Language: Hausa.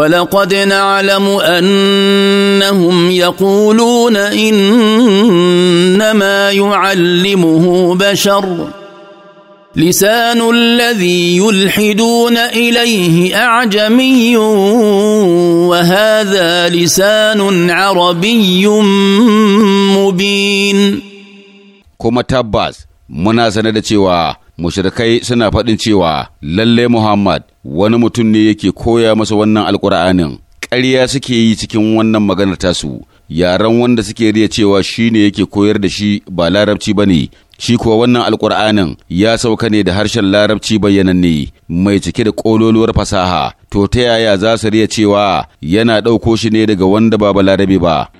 ولقد نعلم انهم يقولون انما يعلمه بشر لسان الذي يلحدون اليه اعجمي وهذا لسان عربي مبين كما تباز منازنه سنه mushrikai suna faɗin cewa lalle Muhammad wani mutum ne yake koya masa wannan alƙur'anin ƙarya suke yi cikin wannan maganar tasu yaran wanda suke riya cewa shi ne yake koyar da shi ba larabci ba ne shi kuwa wannan alƙur'anin ya sauka ne da harshen larabci bayyananne mai cike da ƙololuwar fasaha to ta yaya za su riya cewa yana ɗauko shi ne daga wanda ba larabi ba